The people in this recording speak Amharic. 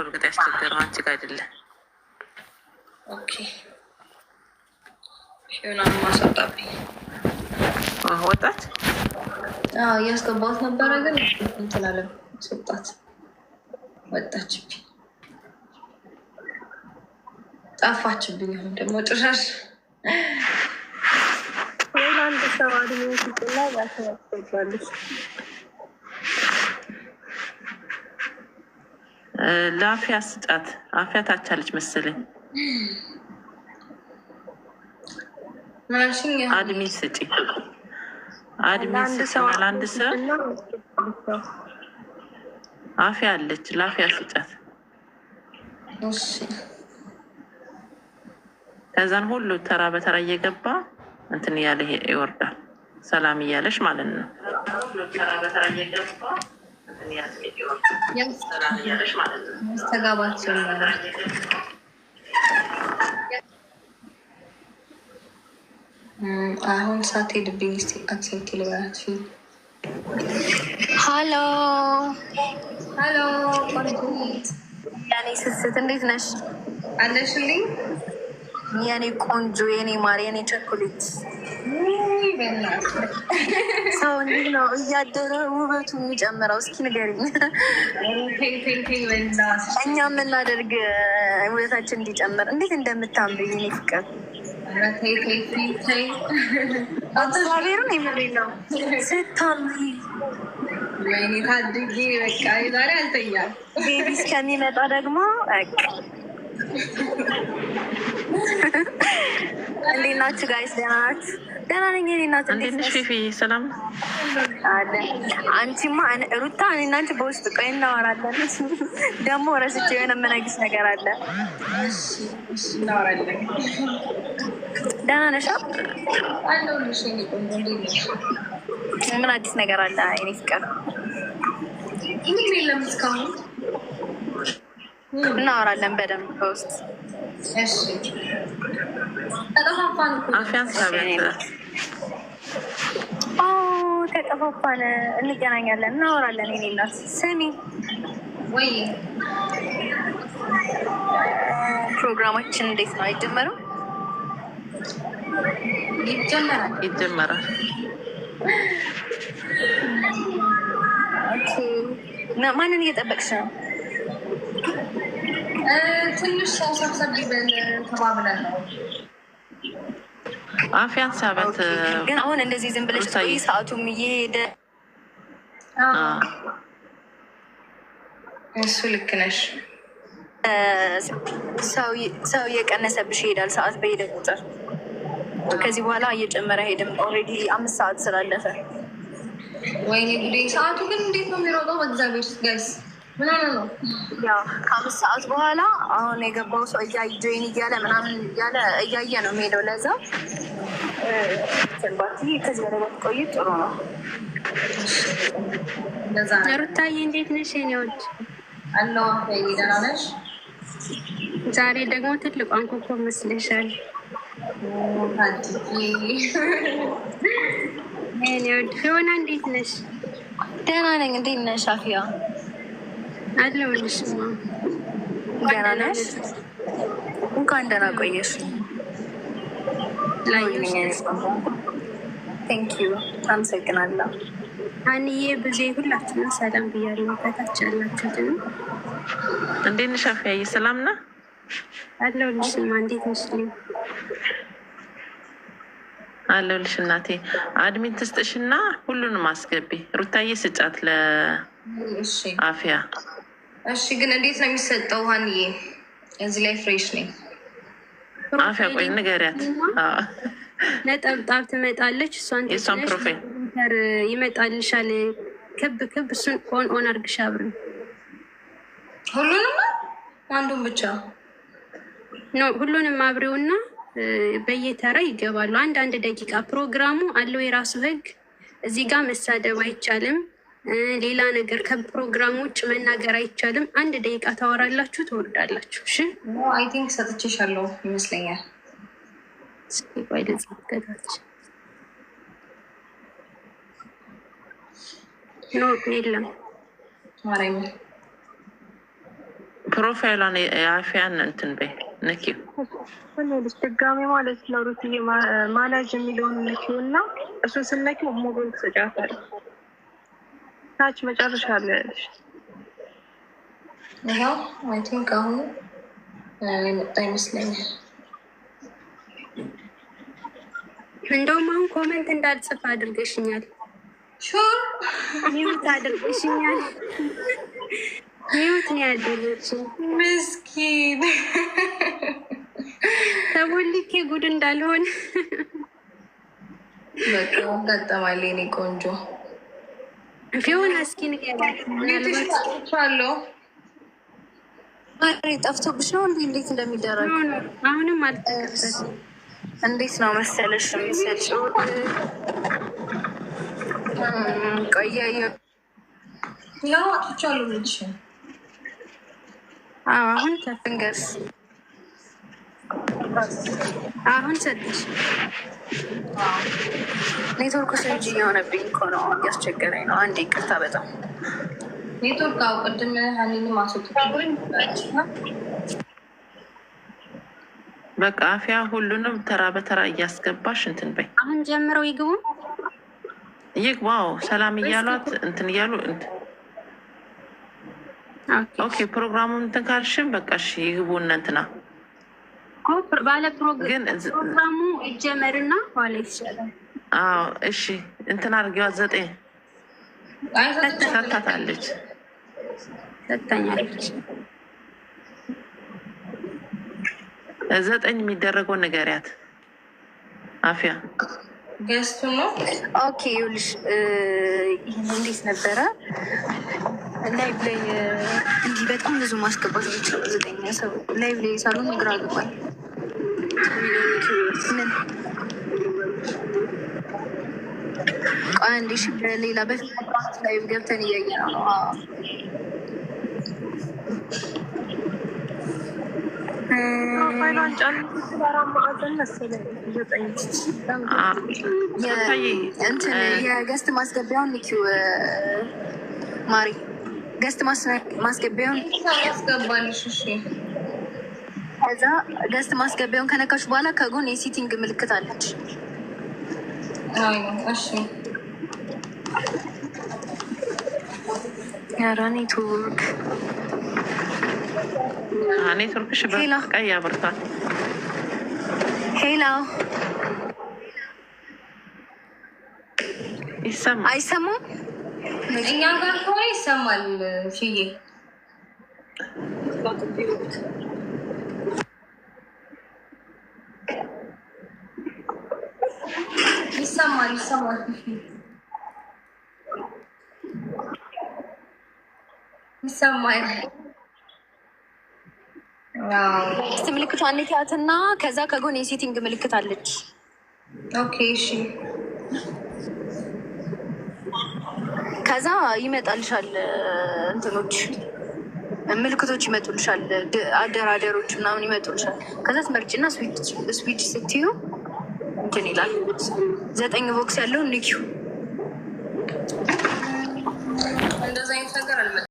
በእርግጥ ያስቸገረው አንቺ ጋር አይደለም። ኦኬ ሆናን ማስወጣብኝ ወጣት እያስገባት ነበረ፣ ግን እንትን አለ ወጣት ወጣችብኝ፣ ጠፋችብኝ። አሁን ደግሞ ጭራሽ አንድ ሰው አድሜ ሲጥላ ያስመጣባለች ለአፍያ ስጣት። አፍያ ታቻለች መሰለኝ። አድሚን ስጪ፣ አድሚን ስጪ። ለአንድ ሰው አፍያ አለች፣ ለአፍያ ስጫት። ከዛን ሁሉ ተራ በተራ እየገባ እንትን እያለ ይወርዳል። ሰላም እያለሽ ማለት ነው። ተራ በተራ እየገባ ያስተጋባቸው አሁን ሳትሄድብኝ እስኪ አክሴፕት ልበላችሁ። ሀሎ ሀሎ፣ ያኔ ስስት እንዴት ነሽ? አለሽልኝ የኔ ቆንጆ፣ የኔ ማር፣ የኔ ቸኮሌት ሰው እንዲህ ነው እያደረ ውበቱ የሚጨምረው። እስኪ ንገሪኝ፣ እኛ የምናደርግ ውበታችን እንዲጨምር እንዴት እንደምታምር የኔ ፍቅር። እግዚአብሔርን የምሬ ነው ስታምሪ ወይኔ ታድጌ በቃ ዛሬ አልተኛም። ቤቢ እስከሚመጣ ደግሞ እንዴት ናችሁ ጋይስ? ደህና ናችሁ? ደህና ነኝ። እኔና እንዴት ነሽ? ፊፊ ሰላም አለ። አንቺማ ሩታ፣ እኔና አንቺ በውስጥ ቆይ እናወራለን። ደግሞ ረስቼው የሆነ የምነግርሽ ነገር አለ። ደህና ነሽ? ምን አዲስ ነገር አለ? እኔ ፍቅር እናወራለን በደንብ በውስጥ ተጠፋፋን። እንገናኛለን፣ እናወራለን። የኔ እናት ስሚ ፕሮግራማችን እንዴት ነው? አይጀመርም? ይጀመራል፣ ይጀመራል። ማንን እየጠበቅሽ ነው? ትንሽ ሰው ሰብሰብ ይበል ተባብለን ነው። ሰበት ግን አሁን እንደዚህ ዝም ብለሽ ቆይ፣ ሰዓቱም እየሄደ እሱ ልክ ነሽ። ሰው እየቀነሰብሽ ይሄዳል። ሰዓት በሄደ ቁጥር ከዚህ በኋላ እየጨመረ ሄድም። ኦልሬዲ አምስት ሰዓት ስላለፈ ወይኔ ጉዴ! ሰዓቱ ግን እንዴት ነው የሚሮጠው? በእግዚአብሔር ጋይስ ያው ከአምስት ሰዓት በኋላ አሁን የገባው ሰው ጆይን እያለ ምናምን እያለ እያየ ነው የሚሄደው። ለዛ ባትሪ ከዚህ በላይ ባትቆይ ጥሩ ነው። ሩታዬ እንዴት ነሽ? ኔዎች አለው ደህና ነሽ? ዛሬ ደግሞ ትልቅ አንኮኮ መስለሻል። ሆና እንዴት ነሽ? ደህና ነኝ። እንዴት ነሽ አፊያ? አለሁልሽ። ደህና ነሽ? እንኳን ደህና ቆየሽ። ቴንክ ዩ አመሰግናለሁ። አንዬ ብዜ ሁላችንም ሰላም ብያለሁ። በታች ያላችሁትን እንዴት ነሽ? አፍያዬ ሰላም ና አለሁልሽማ። እንዴት ነሽ? አለሁልሽ እናቴ። አድሚን ትስጥሽና ሁሉንም አስገቢ። ሩታዬ ስጫት ለአፍያ እሺ፣ ግን እንዴት ነው የሚሰጠው? ሀንዬ እዚህ ላይ ፍሬሽ ነኝ። አፍ ያቆይ ንገሪያት። ነጠብጣብ ትመጣለች። እሷን የእሷን ፕሮፋይል ይመጣልሻል። ክብ ክብ፣ እሱን ኦን ኦን አድርግሻ። ብር ሁሉንም አንዱን ብቻ ኖ ሁሉንም አብሬውና በየተራ ይገባሉ። አንድ አንድ ደቂቃ ፕሮግራሙ አለው የራሱ ህግ። እዚህ ጋር መሳደብ አይቻልም። ሌላ ነገር ከፕሮግራም ውጭ መናገር አይቻልም። አንድ ደቂቃ ታወራላችሁ፣ ትወርዳላችሁ። እሺ አይ ቲንክ ሰጥቼሻለሁ ይመስለኛል። የለም ፕሮፋይሏን የአፊያን እንትን በይ ነኪ ድጋሜ ማለት ነው። ሩትዬ ማላጅ የሚለውን ነኪው እና እሱን ስነኪው ሙሉን ትሰጫታለሽ ታች መጨረሻ አለ ያለሽ እንደውም አሁን ኮመንት እንዳልጽፍ አድርገሽኛል። ሚውት አድርገሽኛል። ሚውት ነው ያደለች ምስኪን ተቦልኬ ጉድ እንዳልሆን በቃ አጋጠማል የኔ ቆንጆ የሆነ እስኪ ንገሪያለሁ። ጠፍቶብሽ ነው እንዴ? እንዴት እንደሚደረግ አሁንም አልጠቀምበትም። እንዴት ነው መሰለሽ የምሰጪው ቆየ ያው አጥቻለሁ። ልጅ አሁን ተፍንገርስ አሁን ሰጥሽ ኔትወርክ ስንጂ የሆነብኝ እኮ ነው እያስቸገረኝ ነው። አንዴ ይቅርታ። በጣም ኔትወርክ አው ቅድም ሀኒን ማስወጥ በቃ ሁሉንም ተራ በተራ እያስገባሽ እንትን በይ። አሁን ጀምረው ይግቡ ይግባው። ሰላም እያሏት እንትን እያሉ ኦኬ። ፕሮግራሙን እንትን ካልሽም በቃ ይግቡ እነ እንትና ባለ ፕሮግራሙ ይጀመርና ኋላ ይሻላል። እሺ፣ እንትን አድርጌዋ ዘጠኝ ሰታታለች ሰታኛለች። ዘጠኝ የሚደረገው ንገሪያት አፍያ ገስቱ ነው። ኦኬ ይኸውልሽ፣ እንዴት ነበረ ላይቭ ላይ እንዲህ በጣም ብዙ ማስገባት ዘጠኝ ሰው ላይቭ ላይ ሳሉን ግራ ገባኝ። አንድ ሺ በሌላ በፊት ላይ ገብተን እያየ ነው። የገስት ማስገቢያውን ኒኪው ማሪ ገስት ማስገቢያውን ያስገባልሽ። ከዛ ገስት ማስገቢያውን ከነካች በኋላ ከጎን የሲቲንግ ምልክት አለች። ኧረ ኔትወርክ ኔትወርክሽ በቀይ ያበርታል። ሄሎ ይሰማል አይሰማም? እኛ ጋር ከሆነ ይሰማል ሽዬ ይሰማል። ቴክስት ምልክት አንዴ ትያትና ከዛ ከጎን የሴቲንግ ምልክት አለች። ኦኬ እሺ። ከዛ ይመጣልሻል እንትኖች ምልክቶች ይመጡልሻል፣ አደራደሮች ምናምን ይመጡልሻል። ከዛ ትመርጭና ስዊች ስትዩ እንትን ይላል። ዘጠኝ ቦክስ ያለው ንኪው እንደዚህ አይነት ነገር